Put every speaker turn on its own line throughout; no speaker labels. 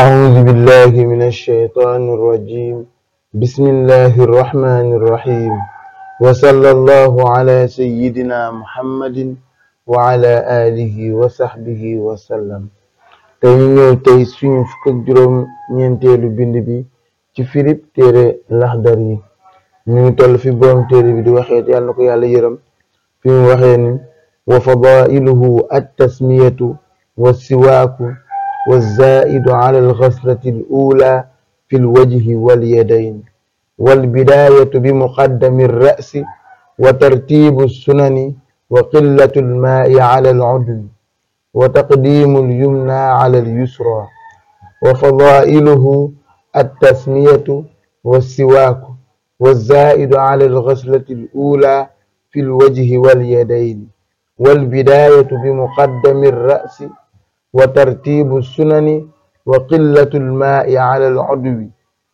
أعوذ بالله من الشيطان الرجيم بسم الله الرحمن الرحيم وصلى الله على سيدنا محمد وعلى آله وصحبه وسلم tey ñu ñëw tey suñu fukk ak juróom ñeenteelu bind bi ci firib téere laxdar yi ñu ngi toll fi borom téere bi di waxee yàlla na ko yàlla yërëm fi mu waxee ni wa fadailuhu at tasmiyatu wa siwaaku والزائد على الغسلة الأولى في الوجه واليدين والبداية بمقدم الرأس وترتيب السنن وقلة الماء على العدل وتقديم اليمنى على اليسرى وفضائله التسمية والسواك والزائد على الغسلة الأولى في الوجه واليدين والبداية بمقدم الرأس wa tartiibu sunani wa qillatu almaai ala alcudwi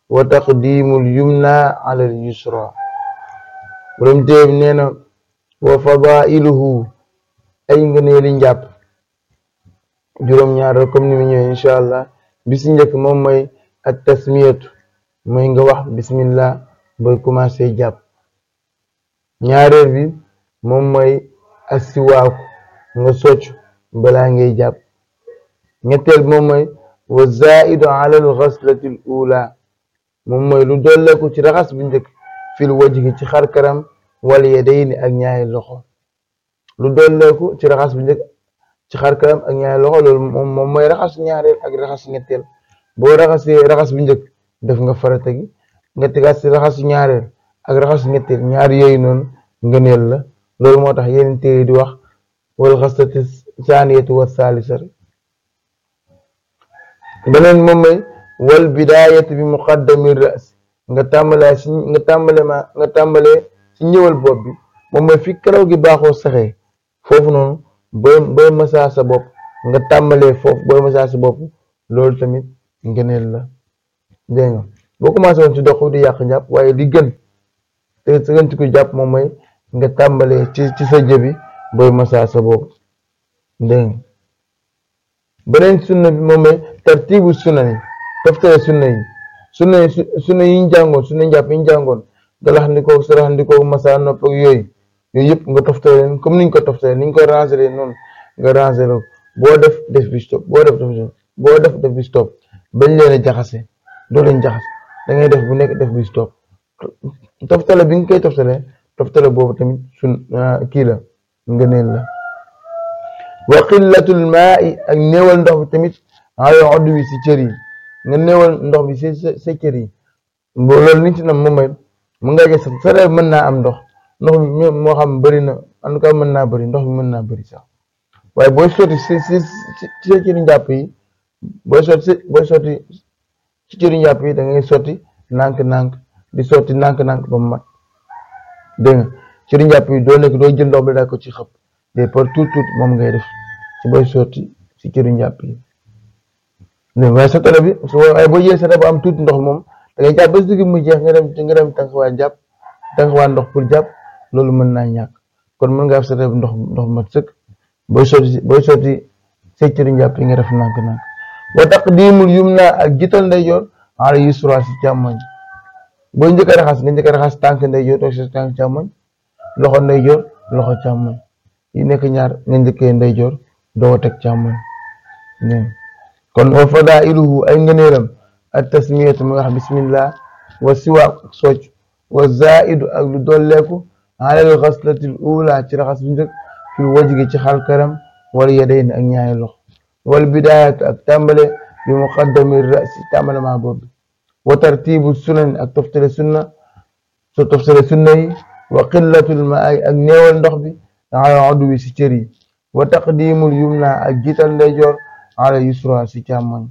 wa taqdiimu alyumna ala alyusra borom téeb nee na wa fadailuhu ay ngëneeli njàpp juróom-ñaar comme ni mu ñëwee incha allah bi si njëkk moom mooy at tasmiyatu mooy nga wax bismillah booy commencé jàpp ñaareel bi moom mooy asiwaaku nga socc balaa ngay jàpp ñetteel moom mooy wa zaidu ala alxaslati al ula moom mooy lu dolleeku ci raxas bu njëkk fil wajhi ci xar karam wal yadayni ak ñaari loxo lu dolleeku ci raxas bi njëkk ci xarkaram ak ñaari loxo loolu moom mooy raxas ñaareel ak raxas ñetteel boo raxas raxasee raxas bi njëkk def nga farata gi nga tegaat si raxas ñaareel ak raxas ñetteel ñaar yooyu noonu ngëneel la loolu moo tax yeneen téere di wax wal xaslati saaniyatu wa saalisatu beneen moom mooy wal bidaayati bi muqaddami ras nga tàmbalee si nga tàmbale ma nga tàmbalee si ñëwal bopp bi moom mooy fi karaw gi baaxoo saxee foofu noonu booy booy masaa sa bopp nga tàmbalee foofu booy masaa sa bopp loolu tamit ngëneel la dégg nga boo commencé si ci dox di yàq njàpp waaye di gën te sa gën ci ko jàpp moom mooy nga tàmbalee ci ci sa jëbi booy masaa sa bopp dégg nga beneen sunna bi moom mooy tartibu sunna ni toftale sunna yi sunna yi sunna yi ñu jàngoon sunna njàpp yi ñu jàngoon galaxndikoo saraxndikoo masa nopp ak yooyu yooyu yëpp nga toftale leen comme niñ ko toftale niñ ko rangele noonu nga rangele boo def def bi stop boo def def boo def def bi stop bañ leen a jaxase doo leen jaxase da ngay def bu nekk def bi stop toftale bi nga koy toftale toftale boobu tamit sun ah, kii la nga neen la wa qillatul maai ak néewal ndox bi tamit ala odwi si cër yi nga néewal ndox bi si sa cër yi boo loolu ci nam moom mooy mu nga gis sa réew mën naa am ndox ndox bi moo xam bëri na en tout mën naa bari ndox mi mën naa bëri sax waaye booy sotti si si si yi booy sotti booy sotti si yi danga ngay sotti nànk-nànk di sotti nànk-nànk ba mu mat dégg nga yi doo nekk doo jël ndox bi daal ko ci xëpp départ tuut tuut moom nga def ci booy si cëru njàpp yi waaye sa tool bi su waaye boo yee sa bu am tuut ndox moom da ngay jàpp ba si mu jeex nga dem nga dem tànkuwaay jàpp tànkuwaay ndox pour jàpp loolu mën naa ñàkk kon mën nga am sa tool ndox ndox mat sëkk booy sotti booy sotti sa cëru yi nga def nànk nànk wa taqdimul yumna ak jiital ndeyjoor ala yusra si càmmoñ booy njëkk a raxas nga njëkk raxas tànk ndeyjoor toog sa tànk loxo ndeyjoor loxo càmmoñ yi nekk ñaar nga njëkkee ndeyjoor doo teg càmmoñ kon wa fadailuhu ay ngëneelam ak tasmiyatu mu wax bismillah wa siwaak ak socc wa zaidu ak lu dolleeku alal xaslati l ula ci raxas bu njëkk fil waj gi ci xalkaram wal yadayn ak ñaari lox wal bidaayatu ak tàmbale bi muqaddami rasi tàmbale maa boobu wa tartibu sunan ak toftale sunna so toftale sunna yi wa qillatul maay ak néewal ndox bi ala adwi si cër yi wa taqdimul yumna ak jiital ndeyjoor ala yusra si càmmoñ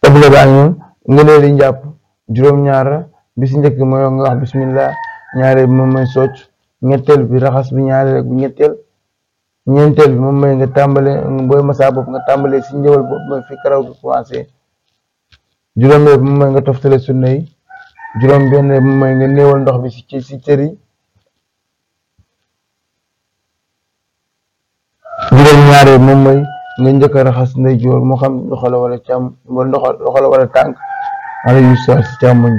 tabla baa ngi noonu nga leen jàpp juróom-ñaar njëkk mooy nga wax bismillah ñaareel bi moom mooy socc ñetteel bi raxas bi ñaareel ak bi ñetteel moom mooy nga tàmbale booy masaa bopp nga tàmbale si njëwal bopp mooy fi karaw gi commencé juróomeel moom mooy nga toftale sunna juróom benn mooy nga néewal ndox bi ci ci cër yi juróom ñaare moom nga njëkk raxas raxas ndeyjoor moo xam loxo la wala càmm la tànk wala yu saa si càmmoñ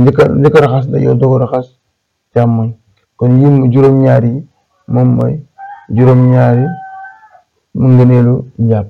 njëkk a njëkk raxas ndeyjoor doog a raxas càmmoñ kon yi juróom ñaar yi mooy juróom ñaari mu nga neelu njàpp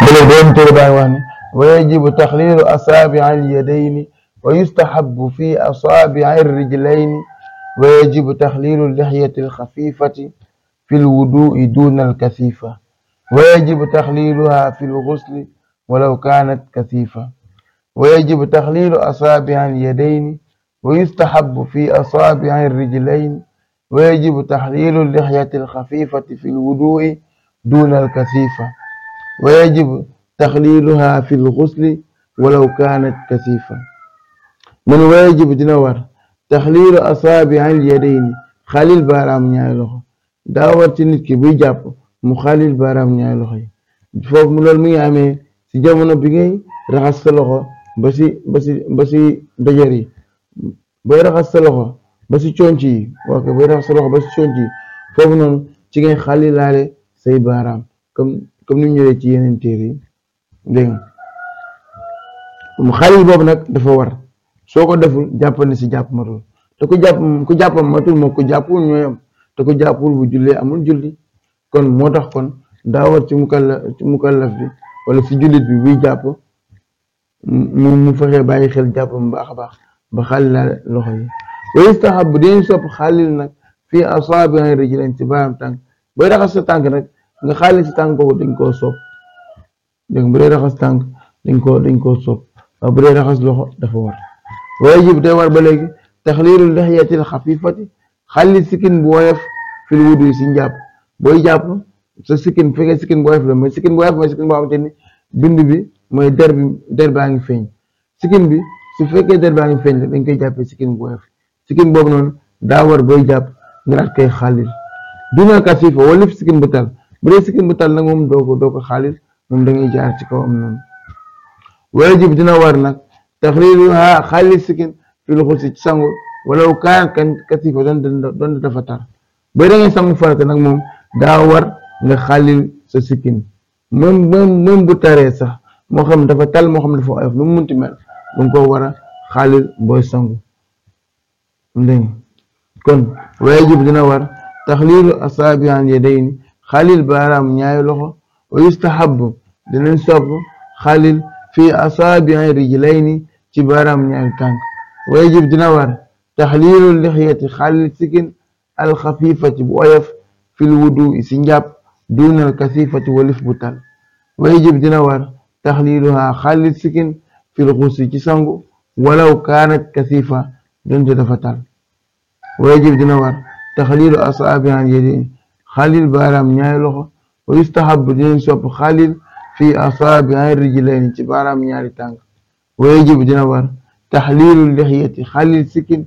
بلغنت باواني ويجب تخليل أصابع اليدين ويستحب في أصابع الرجلين ويجب تخليل اللحية الخفيفة في الوضوء دون الكثيفة ويجب تخليلها في الغسل ولو كانت كثيفة ويجب تخليل أصابع اليدين ويستحب في أصابع الرجلين ويجب تخليل اللحية الخفيفة في الوضوء دون الكثيفة wa yajibu taxliiluha fi lxusli walaw kaanat kasifa mu ne wa yajibu dina war taxliilu asaabi'il yadayni xalil baaraam ñaari loxo daa war ci nit ki buy jàpp mu xalil baaraam ñaari loxo yi foofu loolu mi ngi amee si jamono bi ngay raxas sa loxo ba si ba si ba yi bay raxas sa loxo ba si conc yi ok bay raxas sa ba si conc yi foofu noonu ci ngay xalilaale say baaraam comme ni ñëwee ci yeneen téere yi dégg nga mu xalil boobu nag dafa war soo ko deful jàppal si jàpp matul te ku jàpp ku jàppam matul moo ku jàppul ñooy am te ku jàppul bu jullee amul julli kon moo tax kon daa war ci mukalla ci bi wala si jullit bi buy jàpp mu mu fexee bàyyi xel jàpp mu baax a baax ba xalilal loxo yi wa istahab bu dinañ sopp xalil nag fii asaabi rijlayn ci baaraam tànk booy raxas sa tànk nag nga xaalis si tànk boobu dañ koo soob dégg raxas tànk dañ koo dañ koo sopp bu dee raxas loxo dafa war waaye jib day war ba léegi taxliiru lixyatil xafifati xaalis sikkin bu woyof fil wudu si njàpp booy jàpp sa sikkin fekkee sikkin bu woyof la mooy sikkin bu woyof mooy sikkin boo xamante ni bi mooy der bi der baa ngi feeñ sikkin bi su fekkee der baa ngi feeñ la dañ koy jàppee sikkin bu woyof sikkin boobu noonu daa war booy jàpp nga daat koy xaalis duna kasifa walif sikkin bu tal bu dee sikkim bu tal nag moom doo ko doo ko moom da ngay jaar ci kawam noonu wajib dina war nag taxriruha xaalis sikkim fi lu xusi ci sangu walaw kaan kan kasifa doon dafa tar ba da ngay sangu farata nag moom daa war nga xaalil sa sikkim même même bu taree sax moo xam dafa tal moo xam dafa oyof nu mu munti mel da koo war a xaalil booy sangu dégg kon wajib dina war taxlilu asaabi an yadayni xalil baaraam ñaari loxo wa yustahabu dinañ sopp xalil fi asaabi'i rijlayni ci baaraam ñaari tànk wa yajib dina war taxliilul lixyati xalil sikin alxafifati bu oyof fil wudu si njàpp duunal kasifati walif bu tal wa yajib dina war taxliiluha xalil sikin fil xusi ci sangu walaw kaanat kasifa donte dafa tal wa yajib dina war taxliilu xalil baaraam ñaari loxo wa yustahabu dinañ xalil fi asaabi ay rijlayni ci ñaari tànk wa yajibu dina war taxliilu lixyati xalil sikkin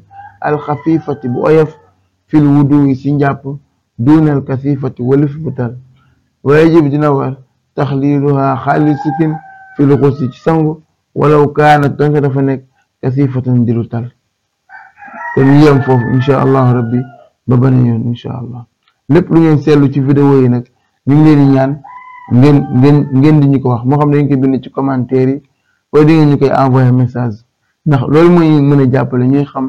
alxafifati bu oyof fil wuduwi si njàpp duunal kasifati walif bu tal wa dina war taxliiluha xalil sikkin fil xusi ci sangu kaana donte dafa nekk kasifatan dilu tal kon yem foofu allah rabbi ba beneen allah lépp lu ngeen seetlu ci vidéo yi nag ñu ngi leen di ñaan ngeen ngeen ngeen di ñu ko wax moo xam ne dañ koy bind ci commentaire yi wala di ngeen ñu koy envoyé message ndax loolu mooy mën a jàppale ñuy xam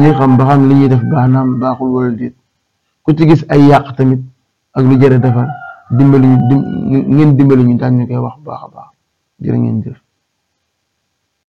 ñuy xam ba xam li ñuy def baanaam baaxul wala déet ku ci gis ay yàq tamit ak lu jëre defar dimbali ñu ngeen dimbali ñu daan ñu koy wax baax a baax jërë ngeen jëf